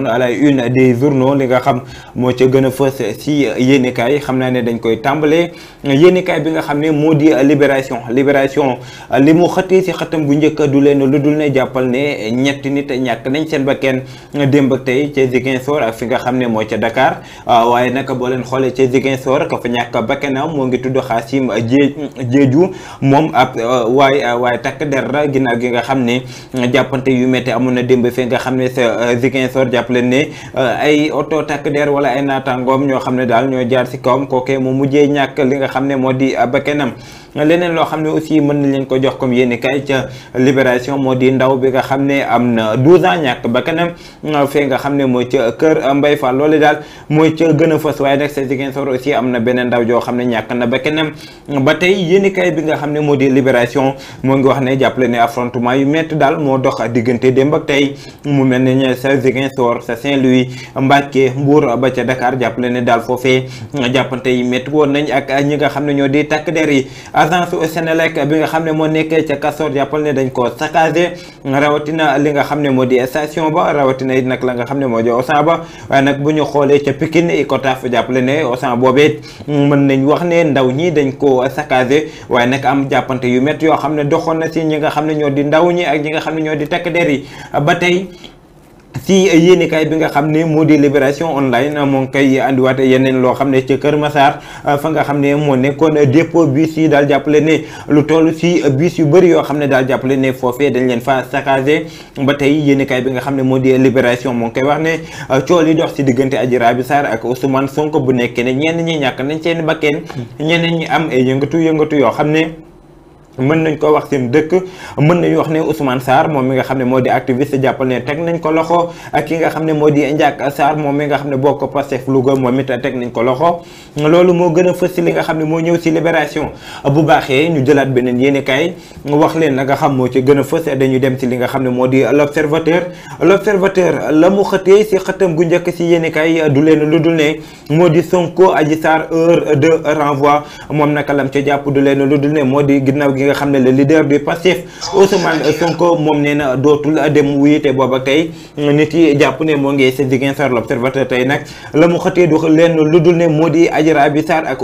nekkoon à la une des journaux li nga xam moo ca gën a fës si yéenekaay xam naa ne dañ koy tàmbalee yéenekaay bi nga xam ne moo di libération libération li mu xëtee si xëtam bu njëkk du leen lu dul ne jàppal ne ñetti nit ñàkk nañ seen bakkan démb ak tey ca Ziguinchor ak fi nga xam ne moo ca Dakar ah, waaye nag boo leen xoolee ca Ziguinchor ka fa ñàkk bakkanam moo ngi tudd Xaasim Jee Jeeju moom ab waaye ah, waaye ah, takk der ginnaaw gi nga xam ne jàppante yu métti amoon na démb fi nga xam ne sa Ziguinchor jàpp jàpp leen ne euh, ay oto takk der wala ay naataangoom ñoo xam ne daal ñoo jaar si kawam kookee mu mujjee ñàkk li nga xam ne moo di euh, bakkanam leneen loo xam ne aussi mën nañ leen ko jox comme yéen kay ca libération moo di ndaw bi nga xam ne am na 12 ans ñàkk ba kanam euh, fee nga xam ne mooy ca kër Mbay Fall loolu daal mooy ca gën a waaye nag sa jigéen sor am na beneen ndaw joo xam ne ñàkk na ba kanam ba tey yéen kay bi nga xam ne moo di liberation moo ngi wax ne jàppale ne affrontement yu métti daal moo dox diggante démb ak tey mu mel ne sa jigéen sa Saint-Louis Mbàkke Mbuur ba ca Dakar jàppale ne daal foofee jàppante nañ ak ñi nga xam ne ñoo di takk der yi agence u Senelec bi nga xam ne moo nekkee ca Castor jàppal ne dañ koo saccagé rawatina li nga xam ne moo di station ba rawatina it nag la nga xam ne moo di Auchan ba waaye nag bu ñu xoolee ca pikin Pikine Icotaf jàppale ne Auchan boobee mën nañ wax ne ndaw ñi dañ ko saccagé waaye nag am jàppante yu métti yoo xam ne doxoon na si ñi nga xam ne ñoo di ndaw ñi ak ñi nga xam ne ñoo di takk der yi ba tey si yéenekaay bi nga xam ne moo di libération online moo ngi koy andiwaat yeneen loo xam ne ci Kër saar euh, fa nga xam ne moo nekkoon dépôt bus yi daal jàppale ne lu toll si bis yu bëri yoo xam ne daal jàppale ne foofee dañ leen fa saccagé ba tey yéenekaay bi nga xam ne moo di libération moo ngi koy wax ne euh, cool yi dox ci diggante Adji Raby Sarr ak Ousmane Sonko bu nekkee ne ñenn ñi ñàkk nañ seen bakkeen hmm. ñeneen ñi am ay yëngatu yëngatu yoo xam ne mën nañ ko wax seen dëkk mën nañu wax ne Ousmane Sarr moom mi nga xam ne moo di activiste jàppal ne teg nañ ko loxo ak nga xam ne moo di Ndiak Sarr moom mi nga xam ne boo ko Pastef Louga moom it teg nañ ko loxo loolu moo gën a fës li nga xam ne moo ñëw si libération bu baaxee ñu jëlaat beneen yéene kaay wax leen na nga xam moo ci gën a fës dañu dem si li nga xam ne moo di l'observateur l'observateur la mu xëtee si xëtam gu njëkk si yéene kaay du leen lu dul ne moo di Sonko Adji Sarr heure de renvoi moom naka lam ca jàpp du leen lu dul ne moo di ginnaaw gi nga xam ne le leader du Pastef Ousmane Sonko moom nee na dootul dem wuyi te booba tey nit yi jàpp ne moo ngi sa jigéen sar l'observateur tey nag la mu xëtee du leen lu dul ne moo di Adji Raby Sarr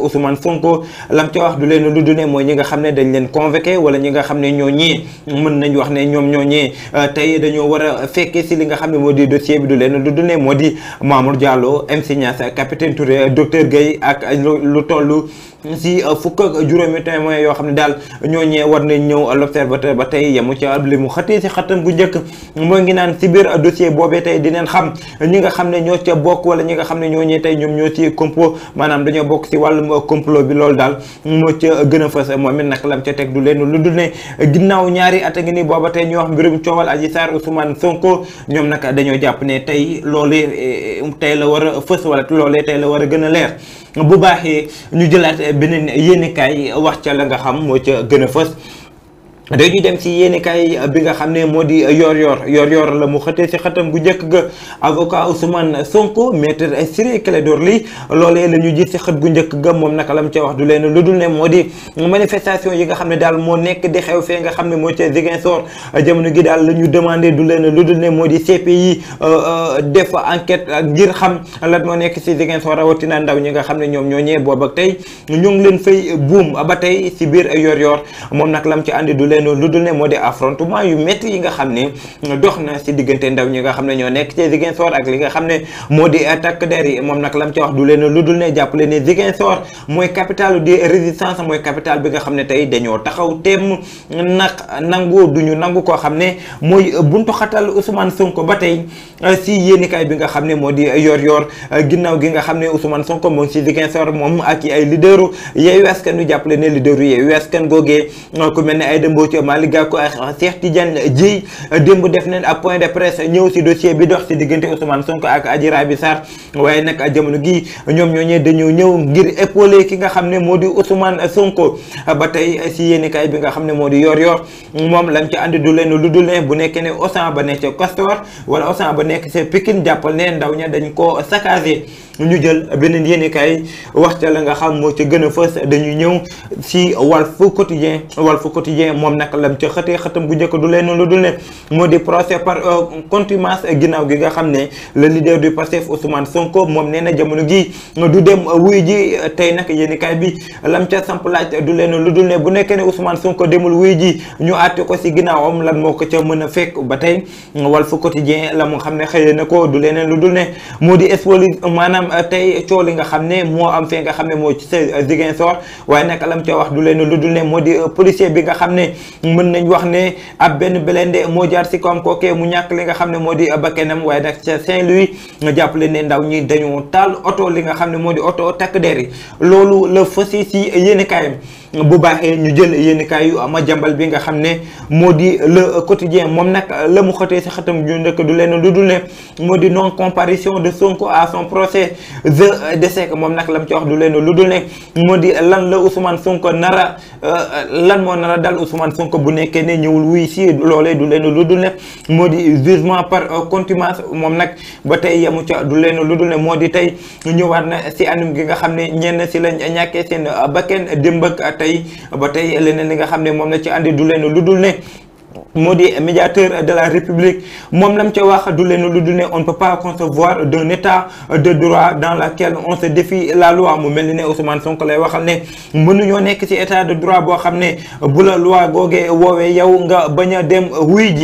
ñi xam ne dañ leen convoqué wala ñi nga xam ne ñoo ñii mën nañ wax ne ñoom ñoo ñii tey dañoo war fekkee si li nga xam ne moo di dossier du leen lu dul moo di Mamour Diallo MC Niass capitaine Touré docteur Guèye ak lu toll si euh, fukk ak juróomi témoin yoo xam ne daal ñooñee war nañ ñëw l'observateur ba tey yemu ci ab li mu xatee si xatam gu njëkk moo ngi naan si biir a dossier boobee tey dineen xam ñi nga xam ne ñoo ca bokk wala ñi nga xam ne ñooñee tey ñoom ñoo ci complot maanaam dañoo bokk si wàllum complot bi loolu daal moo ca gën a fës moom it na lam ca teg du leen lu dul ne ginnaaw ñaari at a ngi nii booba tey ñu wax mbirum coowal Adji Sarr Ousmane Sonko ñoom nag dañoo jàpp ne tey loolee eh, tey la war a fës wala loolee tey la war a gën a leer bu baaxee ñu jëlaat beneen yéenekaay wax ca la nga xam moo ca gën a fës dañuy dem ci yéenekaay bi nga xam ne moo di yor yor yor yor la mu xëtee ci xëtam gu njëkk ga avocat Ousmane Sonko maître Ciré Clédor Ly loolee la ñu gis ci xët gu njëkk ga moom naka la mu ca wax du leen lu dul ne moo di manifestation yi nga xam ne daal moo nekk di xew fee nga xam ne moo ca Ziguinchor jamono gi daal la ñu demandé du leen lu dul ne moo di CPI euh, euh, def enquête ngir xam lan moo nekk ci Ziguinchor rawatina ndaw ñi nga xam ne ñoom ñoo ñëwee boobu ak tey ñu ngi leen fay buum ba tey ci biir yor yor moom nag lam ci àndi du leen leneen lu dul ne moo di affrontement yu métti yi nga xam ne dox na si diggante ndaw ñi nga xam ne ñoo nekk ci Ziguinchor ak li nga xam ne wax du leen lu dul ne jàpp leen ne Ziguinchor mooy capitale de résistance mooy bi nga xam ne tey dañoo taxaw teem nag nangu duñu nangu koo xam ne mooy buntu xatal Ousmane Sonko ba tey si yéenikaay bi nga xam ne moo di yor yor ginnaaw gi nga xam ne Ousmane Sonko moom si Ziguinchor moom ak ay leaderu Yewwi Askan wi jàppale ne leaderu Yewwi Askan googee ku mel ne ay dëmb bocio malgré quoi certes tijane djey dembu def na a point de presse ñew ci dossier bi dox ci digënté Ousmane Sonko ak Adji Rabi Sar waye nak jëmnu gi ñom ñoñe dañu ñew ngir épauler ki nga xamné modi Ousmane Sonko ba tay ci yene kay bi nga xamné modi yor yor mom lañ ci andi du leen lu dul leen bu nekké né Ousmane ba né ci Costa wala Ousmane ba né ci Pekin jappal né ndaw ñi dañ ko sakaze. ñu jël beneen yéenekaay wax ca la nga xam moo ca gën a fës dañuy ñëw ci Walf wal Walf Quotidien moom nag lam ca xëtee xëtam bu njëkk du leen lu dul ne moo di procès par euh, contumace ginnaaw gi nga xam ne le leader du Pastef Ousmane Sonko moom nee na jamono gi du dem wuy ji tey nag yéenekaay bi lam ca samp laaj du leen lu dul bu nekkee ne Ousmane Sonko demul wuy ji ñu àtte ko ci ginnaawam lan moo ko ca mën a fekk ba tey Walf Quotidien la mu xam ne xëyee na ko du leneen lu dul ne moo di expolis maanaam manam eh, tay ciow li nga xamne mo am fi nga xamne mo ci eh, zigen sor way nak lam ci wax du len lu dul ne modi eh, policier bi nga xamne mën nañ wax ne ab ben belende mo jaar ci kom koke mu ñak li nga xamne modi bakenam way nak ci saint louis nga japp le ne ndaw ñi dañu tal auto li nga xamne modi auto tak deri lolu le fossé ci yene kayam bu baaxee ñu jël yéen kaay yu ma jàmbal bi nga xam ne moo di le quotidien moom nag la mu xotee si xatam ju ndëkk du leen lu dul ne moo di non de Sonko à son procès de décès moom nag la mu ci wax du leen lu dul ne moo di lan la Ousmane Sonko nara euh, lan moo nara dal Ousmane Sonko bu nekkee ne ñëwul wuy si loolee du leen lu dul ne moo di jugement par euh, contumace moom nag ba tey yamu ca du leen lu dul ne moo di tey ñëwaat na si anum gi nga xam ne ñenn si lañ ñàkkee seen ba euh, bakken démb ak bataille ba les leneen li nga xam mom la ci andi du médiateur de la République mom lam ci wax du leen lu ne on peut pas concevoir d'un état de droit dans laquelle on se défie la loi mu melni ni ne Ousmane Sonko lay waxal ne mënuñoo nekk ci état de droit bo xam ne bu la loi goge wowe yow nga baña dem wuy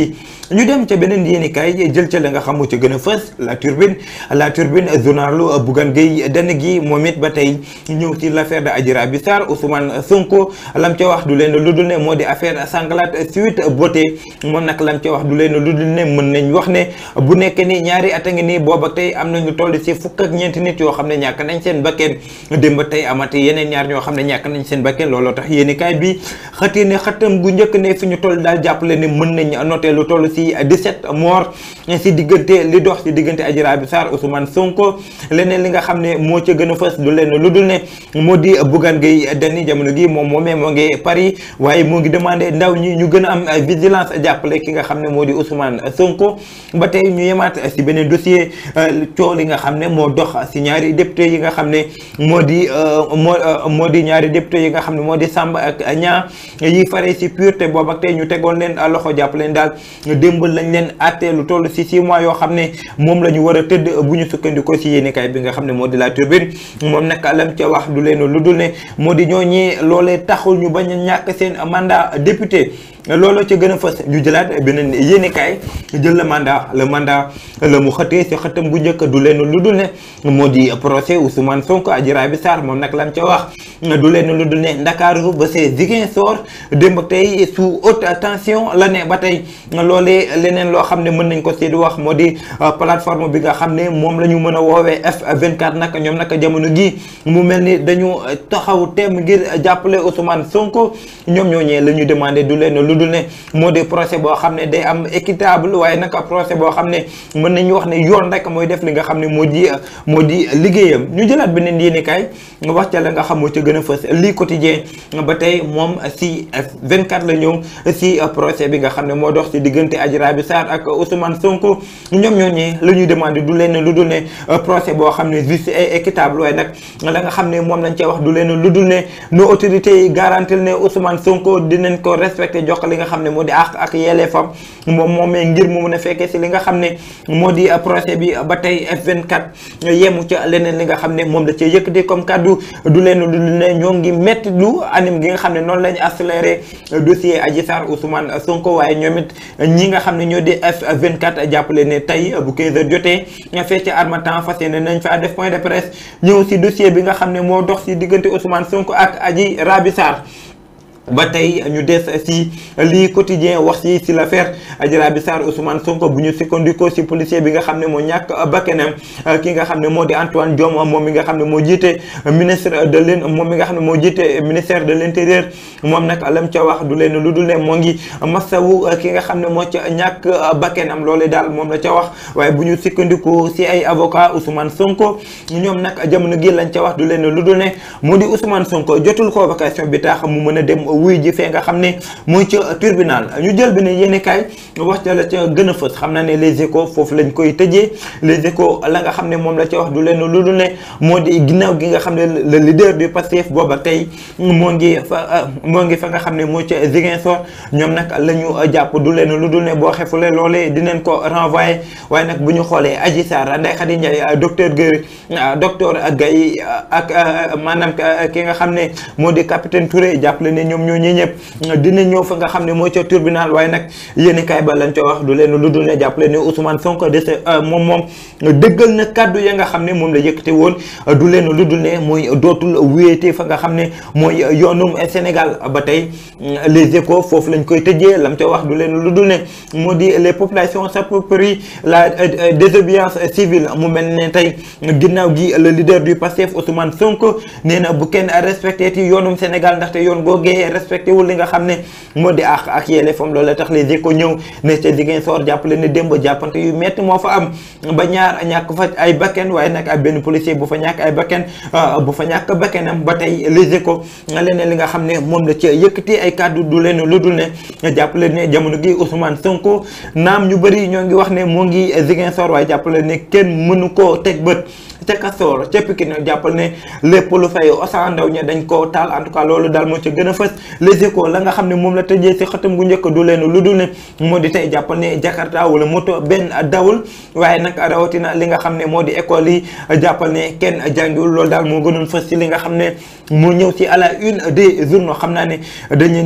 ñu dem ca beneen yéenekaay jël ca la nga xamu ca gën a fës la turbine la turbine journaalu Bougane Gueye Dany gi moom it ba tey ñëw ci l'affaire de Adji Raby Sarr Ousmane Sonko lam ca wax du leen lu dul ne moo di affaire sanglate suite beauté moom nag lam ca wax du leen lu dul mën nañ wax ne bu nekk ni ñaari at a ngi nii booba tey am nañu toll ci fukk ak ñeenti nit yoo xam ne ñàkk nañ seen bakkeen démb tey amati yeneen ñaar ñoo xam ne ñàkk nañ seen bakkeen looloo tax yéenekaay bi xëtee ne xëttam gu njëkk ne fi ñu toll daal jàppale nañ noté lu toll ci si 17 morts si diggante li dox si diggante Adji Raby Sarr Ousmane leneen li nga xam ne moo ca gën a fës du lenn lu dul ne moo di Bougane Gueye Dany jamono gi moom moomee moo ngi Paris waaye moo ngi demandé ndaw ñi ñu gën a am vigilance jàppale ki nga xam ne moo di Ousmane Sonko ba tey ñu yemaat si beneen dossier coow li nga xam ne moo dox si ñaari député yi nga xam ne moo di moo moo di ñaari député yi nga xam ne moo di Samba ak Niang tey ñu tegoon leen loxo jàpp leen daal démb lañ leen àttee lu toll si six mois yoo xam ne moom la ñu war a tëdd bu ñu sukkandikoo si yéenekaay bi nga xam ne moo di la turbine moom nag lam ca wax du leen lu ne moo di ñooñi loolee taxul ñu ba a ñàkk seen mandat député looloo ci gën a fës ñu jëlaat beneen yéenekaay jël la mandat la mandat la mu xëtee si xëtam bu njëkk du leen lu dul ne moo di procès Ousmane Sonko Adji Raby Sarr moom nag lam ca wax du leen lu dul ne Ndakaaru ba see Ziguinchor démb leneen loo xam ne mën nañ ko ci di wax moo di euh, plateforme bi nga xam ne moom la ñu mën a woowee F24 nag ñoom nag jamono gi mu mel ni dañu taxaw teem ngir jàppale Ousmane Sonko ñoom ñooñee la ñu demandé du leen lu du ne moo di procès boo xam ne day am équitable waaye nag procès boo xam ne mën nañu wax ne yoon rek mooy def li nga xam ne moo di moo di liggéeyam ñu jëlaat beneen yéenekaay wax ca la nga xam moo ca gën a fës lii quotidien ba tey moom si F24 la ñëw si procès Adji Raby Sarr ak Ousmane Sonko ñoom ñoo ñee la ñuy demandé du leen lu dul ne euh, procès boo xam ne juste et équitable waaye nag la nga xam ne moom lañ cee wax du leen lu dul ne nos autorités yi garantil ne Ousmane Sonko dinañ ko respecté jox li nga xam ne moo di àq ak yelleefam moom moomee ngir mu mun a fekkee si li nga xam ne moo di procès bi ba tey F24 yemu ca leneen li nga xam ne moom da cee yëkkati comme kàddu du leen lu dul ne ñoo ngi metti lu anim gi nga xam ne noonu lañ accéléré dossier Adji Sarr Ousmane Sonko waaye ñoom it nga nga xam ne ñoo di F24 jàppale ne tey bu 15 heures jotee fee ci Harmattan fas nañ fa def point de presse ñëw si dossier bi nga xam ne moo dox si diggante Ousmane Sonko ak Adji Raby Sarr ba tey ñu des si lii quotidien wax si si l'affaire Adjara Bi Sarr Ousmane Sonko bu ñu sukkandikoo si policier bi nga xam ne moo ñàkk bakkanam ki nga xam ne moo di Antoine Diome moom mi nga xam ne moo jiite ministre de l' moom mi nga xam ne moo jiite ministère de l' intérieur moom nag lam ca wax du leen lu dul ne moo ngi masawu ki nga xam ne moo ca ñàkk bakkanam loole daal moom la ca wax waaye bu ñu sukkandikoo si ay avocat Ousmane Sonko ñoom nag jamono gi lañ ca wax du leen lu dul ne moo di Ousmane Sonko jotul ko convocation bi tax mu mën a dem wuy ji fee nga xam ne mooy ca tribunal ñu jël bi ne kaay wax ca la ca gën a fës xam na ne les échos foofu lañ koy tëjee les la nga xam ne moom la ca wax du leen lu dul ne moo di ginnaaw gi nga xam ne le leader du Pastef booba tey moo ngi fa moo ngi fa nga xam ne moo ca Ziguinchor ñoom nag la ñu jàpp du leen lu dul ne boo xefule loolee dinañ ko renvoyé waaye nag bu ñu xoolee Adji Sarr Ndeye Khady Ndiaye docteur Guèye docteur Gaye ak maanaam ki nga xam ne moo di capitaine Touré jàppale ne ñoom ñoo ñi ñëpp dinañ ñëw fa nga xam ne mooy ca tribunal waaye nag yéeni kaay ba lañ ca wax du leen lu dul ne jàppale ne Ousmane Sonko de euh, moom moom dëggal na kàddu ya nga xam ne moom la yëkkate woon du leen lu dul ne mooy dootul wéete fa nga xam ne mooy yoonum Sénégal ba tey les échos foofu lañ koy tëjee lam ca wax du leen lu dul ne moo di les populations s'approprient la euh, euh, désobéissance civile mu mel ne tey ginnaaw gi le leader du Pastef Ousmane Sonko nee na bu kenn respecté ti yoonum Sénégal ndaxte yoon googee respecté wul li nga xam ne moo di àq ak yelleefam loolu la tax les échos ñëw ne ca Ziguinchor jàppale ne démb jàppante yu metti moo fa am ba ñàkk fa ay bakken waaye nag ab benn policier bu fa ñàkk ay bakken ah, bu fa ñàkk bakkenam ba tey les échos leneen li nga xam ne moom la ci yëkkati ay kàddu du leen lu dul ne jàppale ne jamono gi Ousmane Sonko naam ñu bëri ñoo ngi wax ne moo ngi Ziguinchor waaye jàppale ne kenn mënu koo teg bët ca Kasoor ca Pikine jàppal ne lépp lu fay osa ndaw ña dañ koo taal en tout loolu daal moo ci gën a fës les échos la nga xam ne moom la tëjee si xëtam gu njëkk du leen lu dul ne moo di tey jàppal ne Jakarta wala moto benn dawul waaye nag rawatina li nga xam ne moo di école yi jàppal ne kenn jàngiwul loolu daal moo gënoon fës si li nga xam ne moo ñëw si à la une des journaux xam naa ne dañu